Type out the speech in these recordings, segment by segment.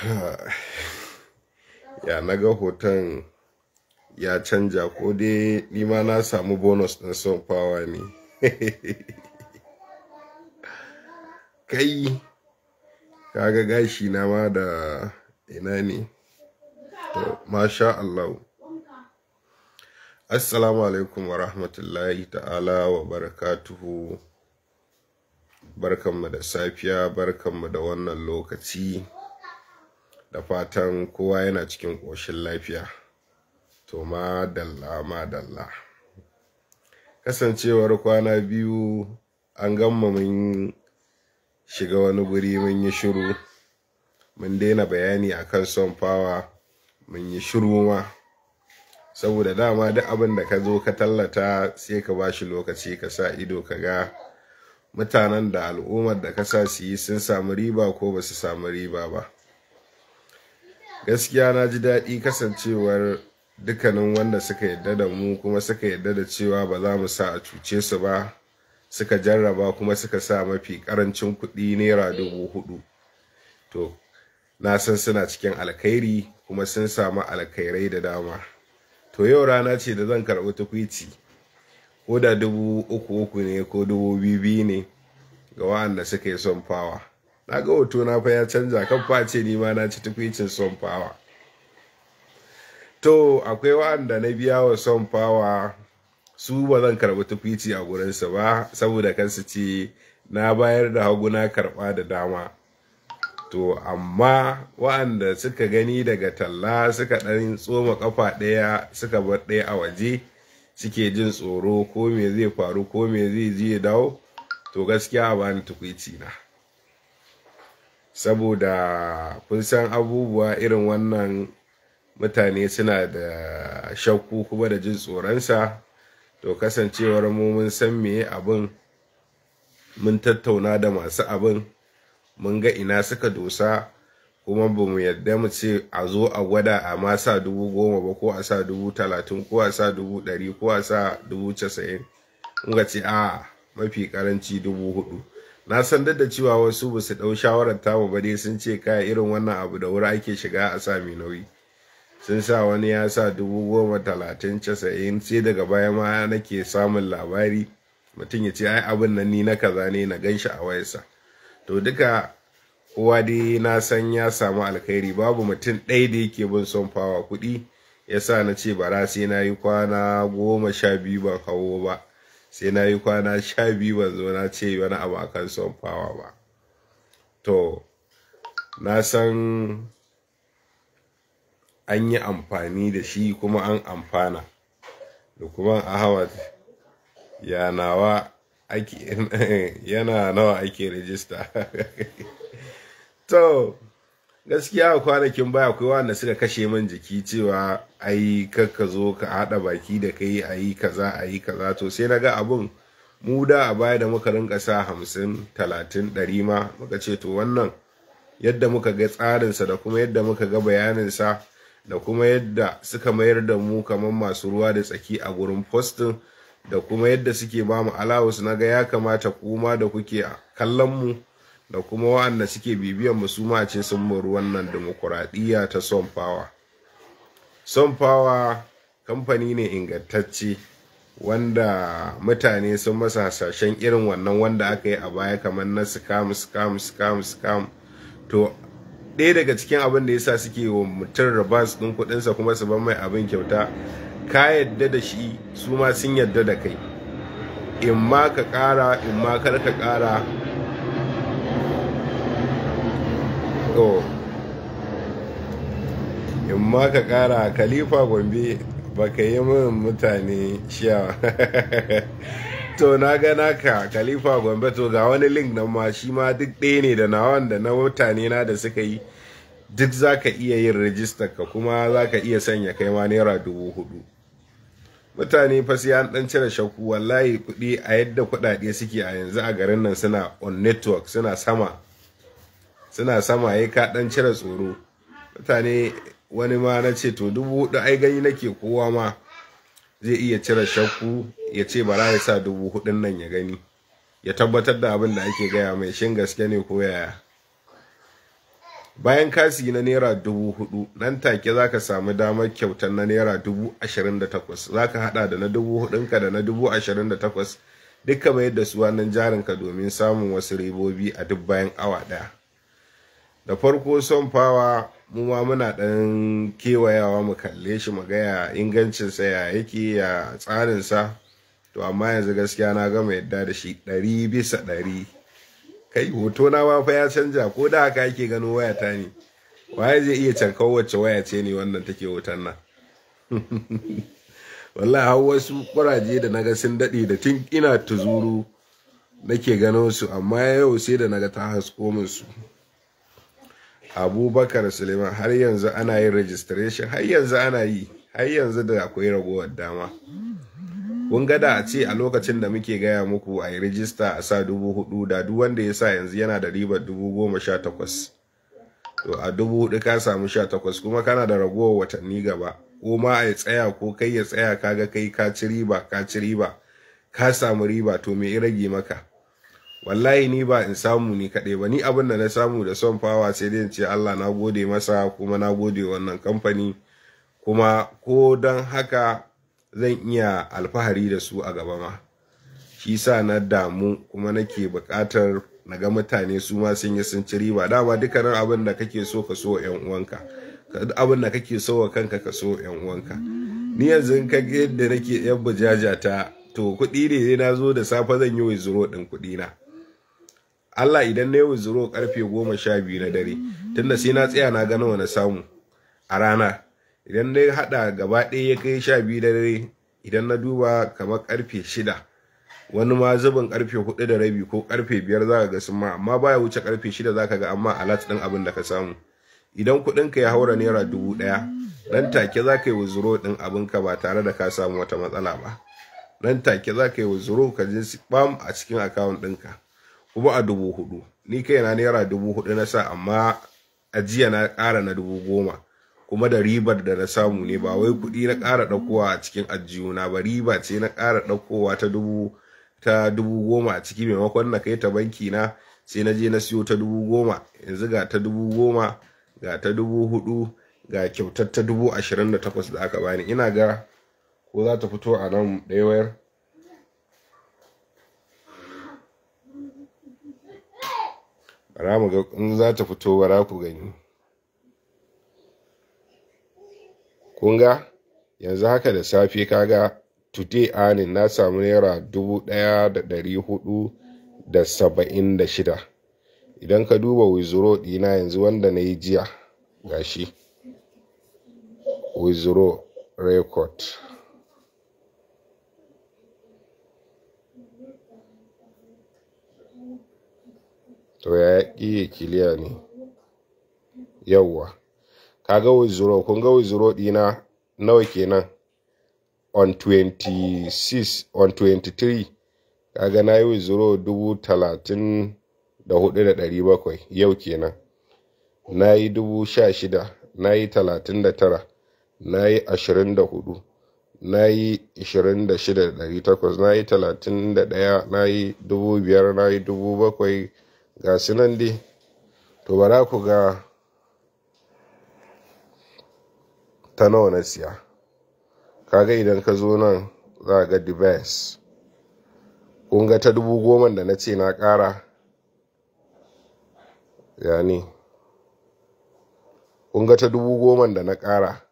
ya naga hoton ya canja ko dai nima na samu bonus ɗin son fawa ne kai kaga gashi na ma da ina ne to masha Allah assalamu alaikum wa rahmatullahi ta'ala wa barakatuhu barkanmu da safiya barkanmu da wannan lokaci da fatan kowa yana cikin ƙoshin lafiya to ma dalla ma dalla kasancewar kwana biyu an gama mun shiga wani guri mun yi shiru mun daina bayani a kan son fawa mun yi shiru ma saboda dama duk abin da ka zo ka tallata sai ka ba shi lokaci ka sa ido ka ga mutanen da al'ummar da ka sa su yi sun samu riba ko ba su samu riba ba gaskiya na ji daɗi kasancewar dukkanin wanda suka yadda da mu kuma suka yadda da cewa ba za mu sa a cuce su ba suka jarraba kuma suka sa mafi karancin kuɗi naira dubu hudu to na san suna cikin alkhairi kuma sun samu alkhairai da dama to yau rana ce da zan karɓi tukwici ko da dubu uku uku ne ko dubu biyu ne ga waɗanda suka yi son fawa na ga hoto na fa ya canza kan fa ce ni ma na ci tukwicin son fawa to akwai wa'anda na biya wa son fawa su ba zan karɓi tukwici a gurinsu ba saboda kansu ce na bayar da haguna karɓa da dama to amma wa'anda suka gani daga talla suka ɗan tsoma ƙafa ɗaya suka bar ɗaya a waje suke jin tsoro ko me zai faru ko me zai je dawo to gaskiya ba ni tukwici na saboda kun san abubuwa irin wannan mutane suna da shakku kuma da jin tsoronsa to kasancewar mu mun san me abin mun tattauna da masu abin mun ga ina suka dosa kuma ba mu yadda mu ce a zo a gwada a ma sa dubu goma ba ko a sa dubu talatin ko a sa dubu ɗari ko a sa dubu casa'in ce a mafi karanci dubu hudu na san da cewa wasu ba su ɗau shawarar tamu ba dai sun ce kaya irin wannan abu da wuri ake shiga a sami nauyi sun sa wani ya sa dubu goma talatin casa'in sai daga baya ma nake samun labari mutum ya ce ai abin nan ni na kaza ne na shi a wayarsa to duka kowa dai na san ya samu alkhairi babu mutum ɗaya da yake bin son fawa kuɗi ya sa na ce bara sai na yi kwana goma sha biyu ba kawo ba sai na yi kwana sha biyu ban zo na ce wani abu akan son fawa ba to na san an yi amfani da shi kuma an amfana lukman ahmad ya nawa ake yana nawa ake rajista to gaskiya kwanakin baya akwai wanda suka kashe min jiki cewa ai kakka zo ka haɗa baki da kai ayi kaza ayi kaza to sai na ga abun mu da a baya da muka rinka sa hamsin talatin dari ma muka ce to wannan yadda muka ga tsarin sa da kuma yadda muka ga bayanin sa da kuma yadda suka mayar da mu kamar masu ruwa da tsaki a gurin postin da kuma yadda suke ba mu alawus na ya kamata kuma da kuke kallon mu da kuma wa'anda suke bibiyan mu su ma ce sun mu ruwan nan dimokuraɗiyya ta son power sunfawa kamfani ne ingantacce wanda mutane sun masa hasashen irin wannan wanda aka yi a baya kamar na scam scam scam scam to ɗaya daga cikin abin da ya sa suke wa mutum rabas ɗin kuɗinsa kuma su ban mai abin kyauta ka yadda da shi su ma sun yadda da kai in ma ka ƙara in ma kar ka ƙara in ma ka kara khalifa gombe baka yi min mutane ba? to na gana naka khalifa gombe to ga wani link nan ma shi ma duk ɗaya ne da na wanda na mutane na da suka yi duk za ka iya yin rajista ka kuma za ka iya sanya kai ma naira dubu hudu mutane fa sai an dan cire shakku wallahi kuɗi a yadda kuɗaɗe suke a yanzu a garin nan suna on network suna sama suna sama ya ka dan cire tsoro mutane wani ma na ce to dubu hudu ai gani nake kowa ma zai iya cire shakku ya ce bara ya sa dubu hudun nan ya gani ya tabbatar da abin da ake gaya mai shin gaske ne ko yaya bayan kasi na naira dubu hudu nan take zaka samu damar kyautar na naira dubu ashirin da takwas zaka hada da na dubu hudunka da na dubu ashirin da takwas duka bayar da su wannan jarinka domin samun wasu ribobi a duk bayan awa daya da farko son fawa mu ma muna ɗan kewayawa mu kalle shi mu gaya ingancinsa ya yake ya tsarinsa to amma yanzu gaskiya na gama yadda da shi ɗari bisa ɗari kai hoto na ma fa ya canja ko da haka yake gano waya ta ne waye zai iya canka wacce waya ce ne wannan take hoton nan wallahi har wasu kuraje da naga sun daɗe da tun ina tuzuru nake gano su amma yau sai da naga ta hasko min su abubakar suleiman har yanzu ana yin registration har yanzu ana yi har yanzu da akwai ragowar dama kun ga a ce a lokacin da muke gaya muku a yi rijista a sa dubu hudu da duk wanda ya sa yanzu yana da ribar dubu goma sha takwas to a dubu hudu ka samu sha takwas kuma kana da ragowar watanni gaba ko ma a tsaya ko kai ya tsaya kaga kai ka ci riba ka ci riba ka samu riba to me rage maka wallahi ni ba in samu ni kaɗai ba ni abin da na samu da son fawa sai dai ce Allah na gode masa kuma na gode wannan kamfani kuma ko don haka zan iya alfahari da su a gaba ma shi sa na damu kuma nake buƙatar na ga mutane su ma sun yi sun ci riba dama dukkanin abin da kake so ka so yan uwanka abin da kake so wa kanka ka so yan uwanka ni yanzu ka yadda nake yan ta to kuɗi ne na zo da safe zan yi wai zuro ɗin kuɗi na Allah idan na yi zuro karfe goma sha biyu na dare tunda sai na tsaya na gano wani samu a rana idan na haɗa gaba ɗaya ya kai sha biyu da dare idan na duba kamar karfe shida wani ma zubin karfe hudu da rabi ko karfe biyar za ka ga sun ma amma baya wuce karfe shida za ka ga amma alat ɗin abin da ka samu idan kuɗin ka ya haura naira dubu ɗaya nan take za ka yi wuzuro ɗin abin ka ba tare da ka samu wata matsala ba nan take za ka yi wuzuro ka je spam a cikin akawun ɗinka kuma a dubu hudu ni kaina naira dubu hudu na sa amma ajiya na ƙara na dubu goma kuma da ribar da na samu ne ba wai kuɗi na ƙara ɗaukowa a cikin ajiyuna ba riba ce na ƙara ɗaukowa ta dubu ta dubu goma a ciki maimakon na kai ta banki na sai na je na siyo ta dubu goma yanzu ga ta dubu goma ga ta dubu hudu ga kyautar ta dubu ashirin da takwas da aka bani ina ga ko za ta fito a nan ɗaya ramu ga in za ta fito bara ku gani kun ga yanzu haka da safe kaga today earning na samu naira dubu ɗaya da ɗari hudu da saba'in da shida idan ka duba wizuro ɗina yanzu wanda na yi jiya gashi wizuro record to ya ƙi ya kiliya ne yauwa ka ga withdraw kun ga withdraw ɗina nawa kenan on 26 on 23 kaga na yi withdraw dubu talatin da hudu yau kenan na yi dubu sha shida na yi talatin na yi ashirin da hudu na yi ashirin na yi talatin na yi dubu na yi dubu ga shi nan dai to bara ku ga ta nawa na siya kaga idan ka zo nan za ga device kun ga ta dubu goma da na ce na ƙara yani kun ga ta dubu goma da na kara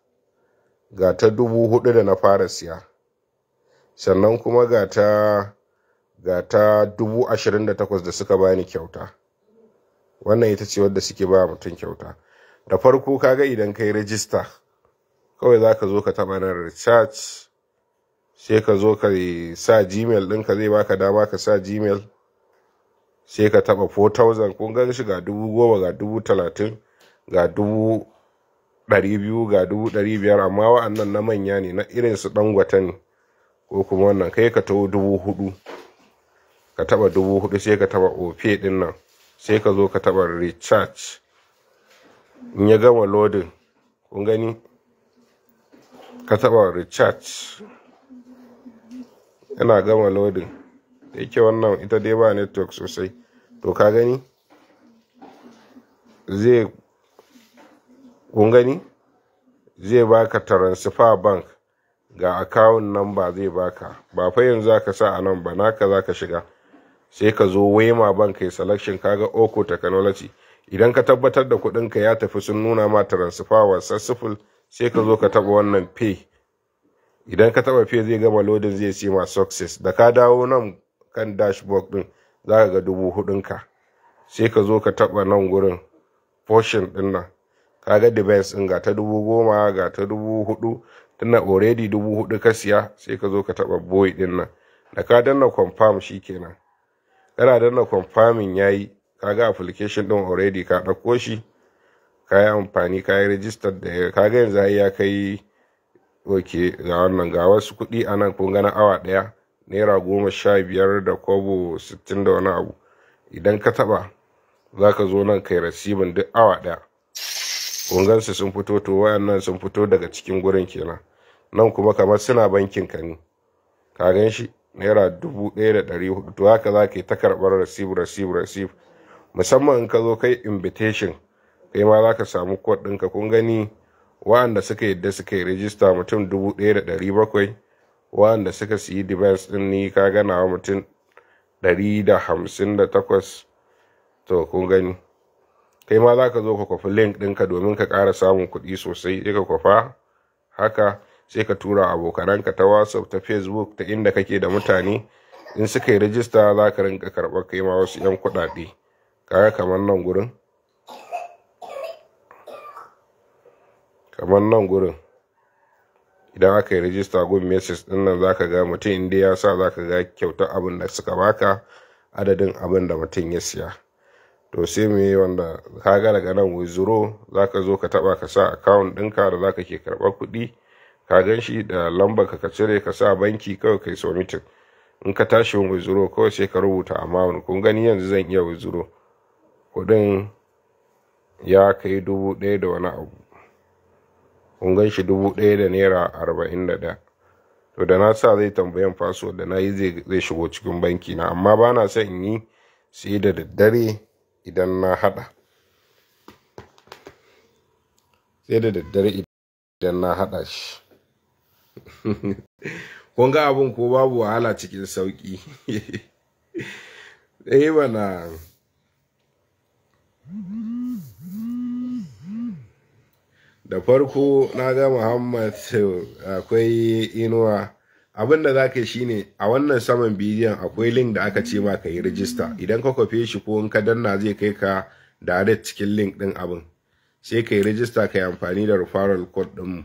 ga ta dubu hudu da na fara siya sannan kuma ga ta ga ta dubu ashirin da takwas da suka bani kyauta wannan ita ce wadda suke ba mutum kyauta da farko kaga idan kai rajista kawai za ka zo ka taɓa na recharge sai ka zo ka sa gmail ɗinka zai baka dama ka sa gmail sai ka taɓa 4000 kun gan shi ga dubu goma ga dubu talatin ga dubu ɗari biyu ga dubu ɗari biyar amma wa'annan na manya ne na irin su gwata ne ko kuma wannan kai ka taho dubu hudu ka taɓa dubu hudu sai ka taɓa ofe din nan sai ka zo ka taɓa recharge in ya gama loading kun gani ka taɓa recharge yana gama loading da yake wannan ita dai ba network sosai to ka gani zai kun gani zai baka transfer bank ga account number zai baka ba fa yanzu zaka sa a nan ba naka zaka shiga sai ka zo wema bank kai selection kaga oko technology idan ka tabbatar da kuɗin ka ya tafi sun nuna ma transfer wa successful sai ka zo ka taba wannan pay idan ka taba pay zai gama loading zai ce ma success da ka dawo nan kan dashboard din za ka ga dubu hudun ka sai ka zo ka taba nan gurin portion din nan kaga device din ga ta dubu goma ga ta dubu hudu tunda already dubu hudu ka siya sai ka zo ka taba boy din nan da ka danna confirm shikenan kana danna confirming yayi kaga application din already ka ɗauko shi kayi amfani ka yi da kaga yanzu ya kai ok ga wannan ga wasu kuɗi a nan kun gana awa ɗaya naira goma sha biyar da kobo sittin da wani abu idan ka taɓa za ka zo nan kai rasibin duk awa ɗaya kun su sun fito to wayannan sun fito daga cikin gurin kenan nan kuma kamar suna bankin ka ne ka gan shi naira dubu ɗaya da ɗari hudu haka za ka yi ta karɓar rasif rasif rasif musamman in ka zo kai invitation kai ma za ka samu kod ɗinka kun gani wa'anda suka yadda suka yi rijista mutum dubu ɗaya da ɗari bakwai wa'anda suka siyi device ɗin ni ka gana wa mutum ɗari da hamsin da takwas to kun gani kai ma za ka zo ka kwafi link ɗinka domin ka ƙara samun kuɗi sosai ka kwafa haka sai ka tura abokananka ta whatsapp ta facebook ta inda kake da mutane in suka yi rijista za ka rinka karɓar kai ma wasu 'yan kuɗaɗe kaga kamar nan gurin kamar nan gurin idan aka yi rijista gun message din nan ka ga mutum inda ya sa za ka ga kyauta abin da suka baka adadin abin da mutum ya siya to sai mu yi wanda ga daga nan wizuro ka zo ka taɓa ka sa account ɗinka da za ka ke karɓar kuɗi ka gan shi da lambar ka ka cire ka sa banki kawai kai mitin in ka tashi wani withdraw kawai sai ka rubuta mawun kun gani yanzu zan iya withdraw kudin ya kai dubu ɗaya da wani abu kun gan shi dubu ɗaya da naira arba'in da ɗaya to da na sa zai tambayan password da na yi zai shigo cikin banki na amma ba na son in yi sai da daddare idan na haɗa sai da daddare idan na haɗa shi kun ga abin ko babu wahala cikin sauki eh bana da farko na ga muhammad akwai inuwa abin da za ka shi ne a wannan saman bidiyon akwai link da aka ce ma ka yi rijista idan ka kwafe shi ko in ka danna zai kai ka direct cikin link din abin sai ka yi rijista ka yi amfani da referral code mu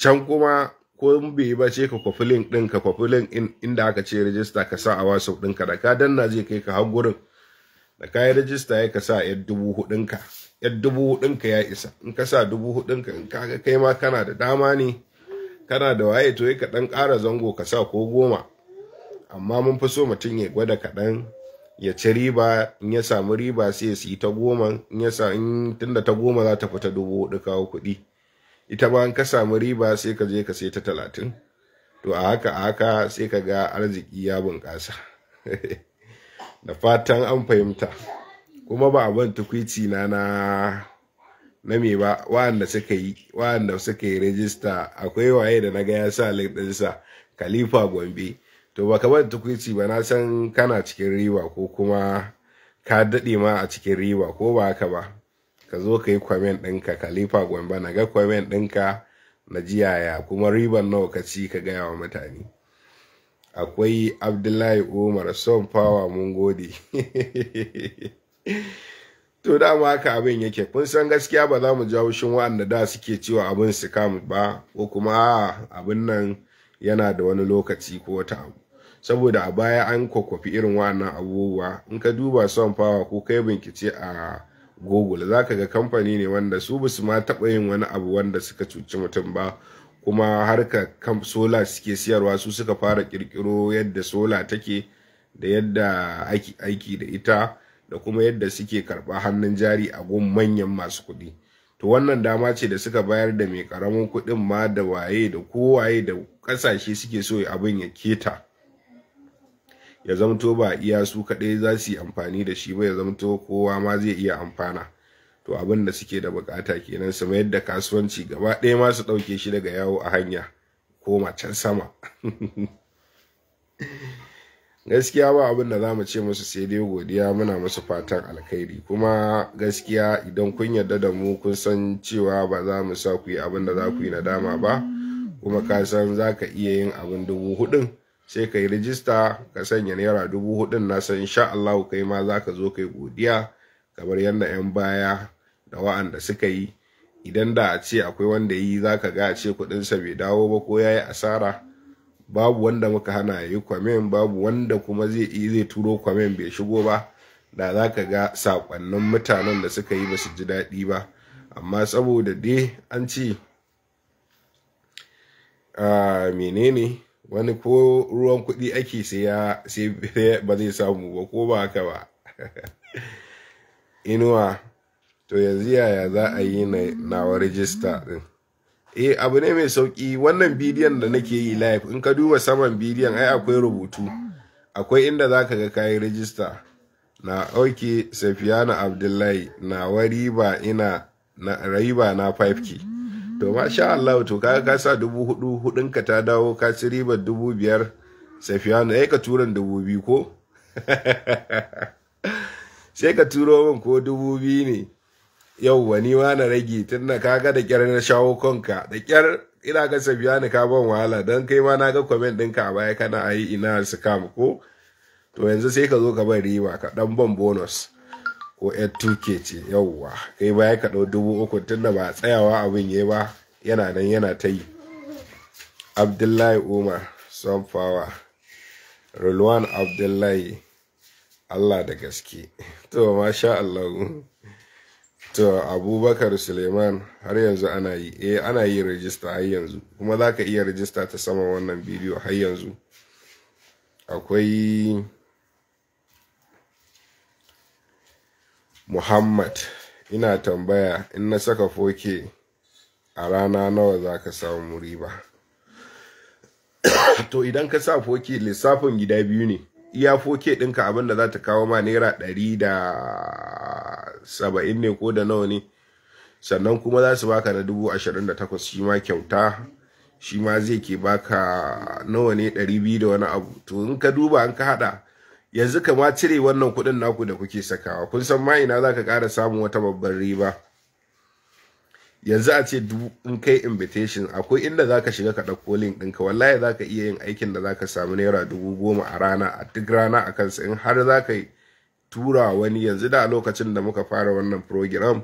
can kuma ko bai ba ce ka kwafi link din ka kwafi link inda aka ce register ka sa a din ɗinka da ka danna zai kai ka har gurin da ka yi register ya ka sa yar dubu hudunka yar dubu hudunka ya isa in ka sa dubu hudunka in ka ga kai ma kana da dama ne kana da waye to ka dan ƙara zango ka sa ko goma amma mun fi so mutum ya gwada kaɗan ya ci riba in ya samu riba sai ya siyi ta goma in ya sa tunda ta goma za ta fita dubu hudu kawo kuɗi ita ba an ka samu riba sai ka je ka sai ta talatin to a haka a haka sai ka ga arziki ya bunƙasa da fatan an fahimta kuma ba abin tukwici na na na me ba wa'anda suka yi wa'anda suka yi rajista akwai waye da na ga ya sa ɗinsa khalifa gombe to baka ban tukwici ba na san kana cikin riba ko kuma ka daɗe ma a cikin riba ko ba haka ba ka zo ka yi kwamen ɗinka kalifa gwamba na ga kwamen ɗinka na jiyaya kuma riban nawa ka ci ka gaya wa mutane akwai abdullahi umar son fawa mun gode to dama haka abin yake kun san gaskiya ba za mu jawo haushin wa'anda da suke cewa abin su kam ba ko kuma abin nan yana da wani lokaci ko wata abu saboda a baya an kwakwafi irin wa'annan abubuwa in ka duba son fawa ko kai bincike a google za ka ga kamfani ne wanda su ba su ma taɓa yin wani abu wanda suka cuci mutum ba kuma harka kan sola suke siyarwa su suka fara ƙirƙiro yadda sola take da yadda aiki, aiki da ita da kuma yadda suke karɓa hannun jari a gun manyan masu kuɗi to wannan dama ce da suka bayar da mai ƙaramin kuɗin ma da waye da kowaye da ƙasashe suke so abin ya keta ya zamto ba iya su kadai za su yi amfani da shi ba ya zamto kowa ma zai iya amfana to abin da suke da bukata kenan su mayar da kasuwanci gaba ɗaya ma su ɗauke shi daga yawo a hanya ko can sama gaskiya ba abin da za mu ce musu sai dai godiya muna musu fatan alkhairi kuma gaskiya idan kun yarda da mu kun san cewa ba za mu sa ku yi abin da za ku yi nadama ba kuma ka san za ka iya yin abin dubu hudun sai ka yi rijista ka sanya naira dubu hudun nasa insha Allah kai ma za ka zo kai godiya kamar yadda 'yan baya da wa'anda suka yi idan da a ce akwai wanda yi za ka ga a ce kudinsa bai dawo ba ko ya yi asara babu wanda muka hana ya yi kwamen babu wanda kuma zai yi zai turo kwamen bai shigo ba da za ka ga sakonnin mutanen da suka yi ba su ji daɗi ba amma saboda dai an ce ah, menene wani ko ruwan kuɗi ake saya sai ba zai samu ba ko ba haka ba inuwa to yanzu yaya za a yi nawa rijista din eh abu ne mai sauƙi. wannan bidiyon da nake yi live in ka duba saman bidiyon ai akwai rubutu akwai inda za ka ga kayan rijista na safiya safiyana abdullahi na ba ina na riba na 5 to masha Allah to ka ka sa dubu hudu hudun ka ta dawo ka ci ribar dubu biyar safiyanu yi ka turan dubu biyu ko sai ka turo min ko dubu biyu ne yau wani ma na rage tun na kaga da kyar na shawo kanka da kyar ina ga safiyanu ka ban wahala don kai ma na ga comment ɗinka a baya kana ayi ina su kam ko to yanzu sai ka zo ka ban riba ka dan ban bonus ko yan tuke ce yauwa kai ba ya ka ɗau dubu uku tun da ba tsayawa abin ya ba yana nan yana ta yi abdullahi umar fawa rulwan abdullahi allah da gaske to masha allahu to abubakar suleiman har yanzu ana yi eh ana yi rajista har yanzu kuma za ka iya rajista ta sama wannan bidiyo har yanzu akwai Muhammad ina tambaya in na saka foke a rana nawa za ka samu riba to idan ka sa foke lissafin gida biyu ne iya foke ɗinka abin da za ta kawo ma naira ɗari da saba'in ne ko da nawa ne sannan kuma za su baka na dubu ashirin da takwas shi ma kyauta shi ma zai ke baka nawa ne ɗari biyu da wani abu to in ka duba in ka haɗa yanzu kama cire wannan kuɗin naku da kuke sakawa kun san ma ina za ka ƙara samun wata babban riba yanzu a ce in kai invitation akwai inda za ka shiga ka ɗauko link ɗinka wallahi za ka iya yin aikin da za ka samu naira dubu goma a rana a duk rana a kansa in har za ka tura wani yanzu da lokacin da muka fara wannan program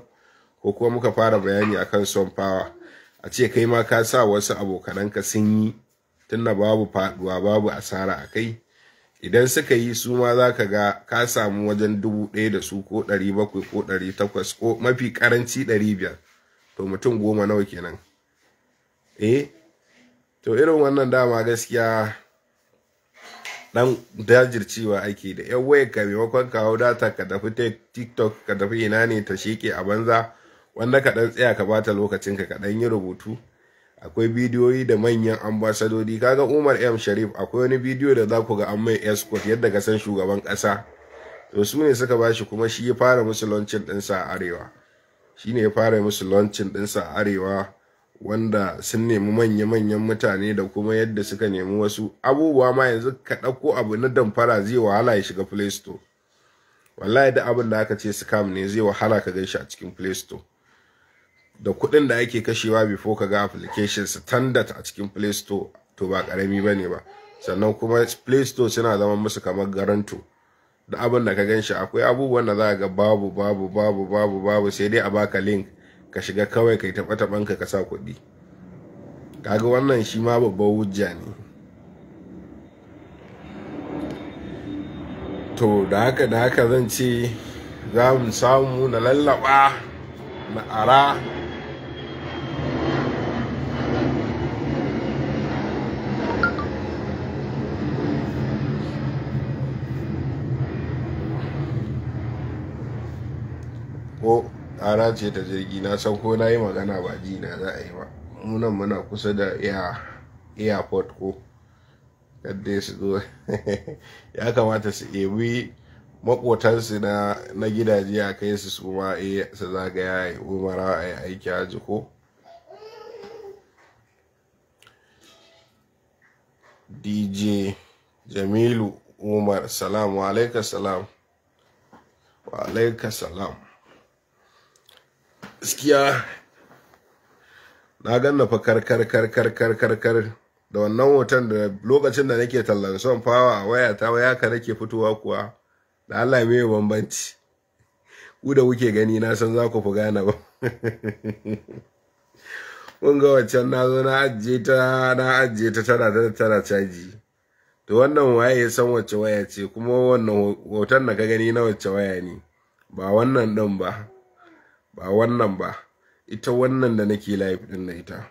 ko kuma muka fara bayani akan son power a ce kai ma ka sa wasu abokananka sun yi tunda babu faduwa babu asara a kai idan suka yi su ma za ka ga ka samu wajen dubu ɗaya da su ko ɗari bakwai ko ɗari takwas ko mafi ƙaranci ɗari biyar to mutum goma nawa kenan eh to irin wannan dama gaskiya dan dajircewa ake da yan waya ka maimakon kawo data ka tafi tiktok ka tafi ina ne ta sheke a banza wanda ka dan tsaya ka bata lokacinka ka ka dan yi rubutu akwai bidiyoyi da manyan ambasadodi kaga umar m sharif akwai wani bidiyo da za ku ga an mai escort yadda ka san shugaban ƙasa to su ne suka bashi kuma shi ya fara musu launching ɗinsa a arewa shi ne ya fara musu launching ɗinsa a arewa wanda sun nemi manya-manyan mutane da kuma yadda suka nemi wasu abubuwa ma yanzu ka ɗauko abu na damfara zai wahala ya shiga play store wallahi da abin da aka ce scam ne zai wahala ka gan shi a cikin play da kuɗin da ake kashewa before ka ga application standard a cikin play store to ba ƙarami ba ne ba sannan kuma play store suna zama musu kamar garanto da abin da ka gan shi akwai abubuwan da za ga babu babu babu babu babu sai dai a baka link ka shiga kawai kai taɓa taɓan ka ka sa kuɗi kaga wannan shi ma babban hujja ne to da haka da haka zan ce za mu samu na lallaɓa, na ara ƙara ce ta jirgi na san ko na yi magana ba ji na za a yi ba munan muna kusa da airport ko ya su zo ya kamata su ebi makotansu na gidaje a kai su su ma eh, su zagaya ya umara a yi aiki a ko dj jamilu umar salamu alaika salam wa alaika gaskiya na ganna fa kar kar kar kar kar kar kar da wannan hoton da lokacin da nake tallan son fawa a waya ta waya ka nake fitowa kuwa da Allah me bambanci ku da kuke gani na san za ku fi gane ba Mun ga waccan na na ajiye ta na tara tara caji to wannan waye ya san wacce waya ce kuma wannan hoton da ka gani na wacce waya ne ba wannan din ba ba wannan ba ita wannan da nake live din na ita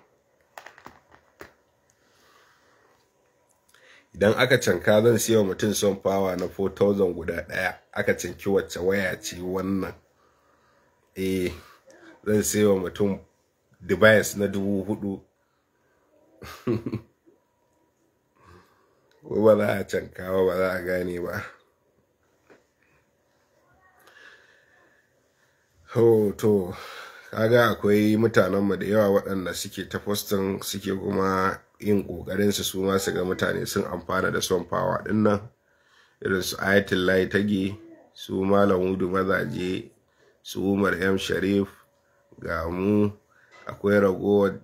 idan aka canka zan siya mutum son fawa na 4000 guda daya aka canki wacce waya ce wannan eh zan siya mutum device na dubu hudu ba za a canka ba za a gane ba Oh, to, kaga akwai mutanenmu da yawa waɗanda suke ta postin suke kuma yin ƙoƙarinsu su su ma su ga mutane sun amfana da son fawa ɗin nan irin su ayatul tage su malam hudu mazaje su umar m sharif ga mu akwai ragowa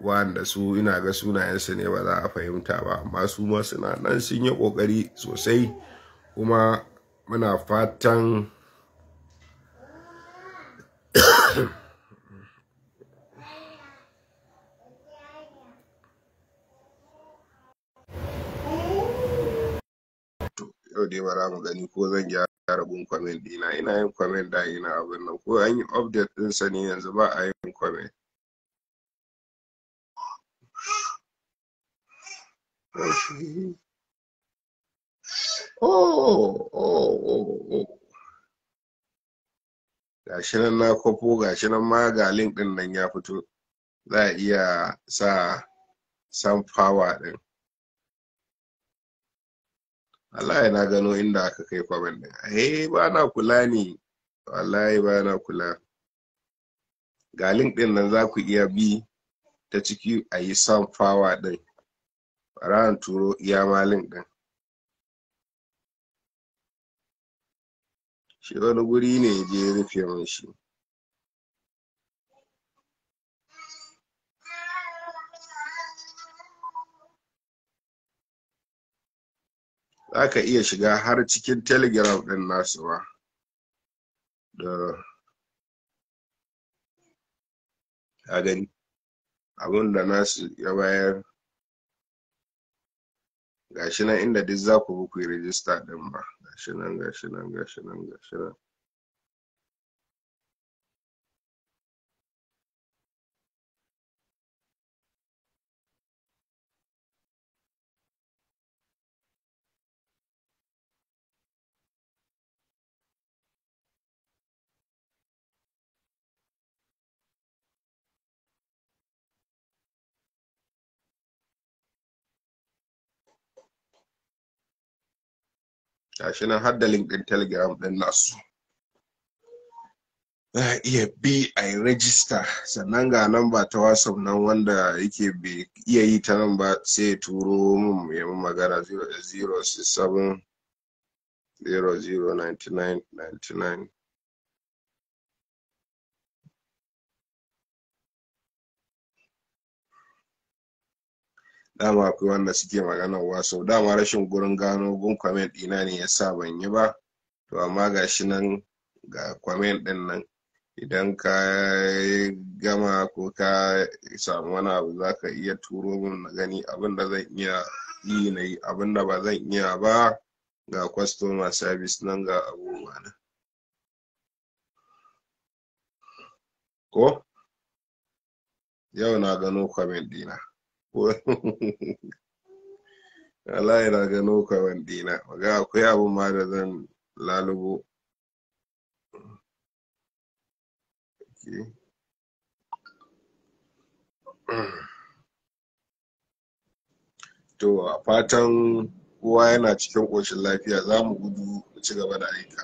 wanda su ina ga sunayensu ne ba za a fahimta ba amma su ma suna nan sun yi ƙoƙari sosai kuma muna fatan yau dai bara mu gani ko zan gyara gun comment dina ina yin comment da ina abin nan ko an yi update din sa ne yanzu ba a yin comment oh oh, oh, oh, oh, Gashi nan na kwafo gashi nan ma ga link din nan ya fito. Za a iya sa sun power din. ya na gano inda aka kai kwamen din eh ba na kula ne wallahi ba na kula ga link din nan za ku iya bi ta ciki a yi son fawa din ran turo iya ma ɗin. shi wani guri ne je rufe mun shi za ka iya shiga har cikin telegram ɗin nasu ba da a gani abin da nasu ya bayar gashi nan inda duk za ku ku yi rijista ɗin ba gashi nan gashi nan gashi nan gashi nan gashi nan har da link ɗin telegram ɗin nasu za iya bi a yi rajista sannan ga nan ba ta whatsapp nan wanda yake bai iya yi ta nan ba sai turo mun ya mun magana 067 0099 99 dama akwai wanda suke magana wa sau. dama rashin gurin gano gun kwamen ɗina ne sa ban yi ba to amma ga shi nan ga kwamen din nan idan ka gama ko ka samu wani abu za ka iya turo min na gani abin da zan iya yi na yi abin ba zan iya ba ga customer service nan ga abubuwa na ko yau na gano kwamen ɗina Allah yana gano kawan dina ga akwai abun ma da zan lalubo to a fatan kowa yana cikin ƙoshin lafiya za mu gudu ci gaba da aika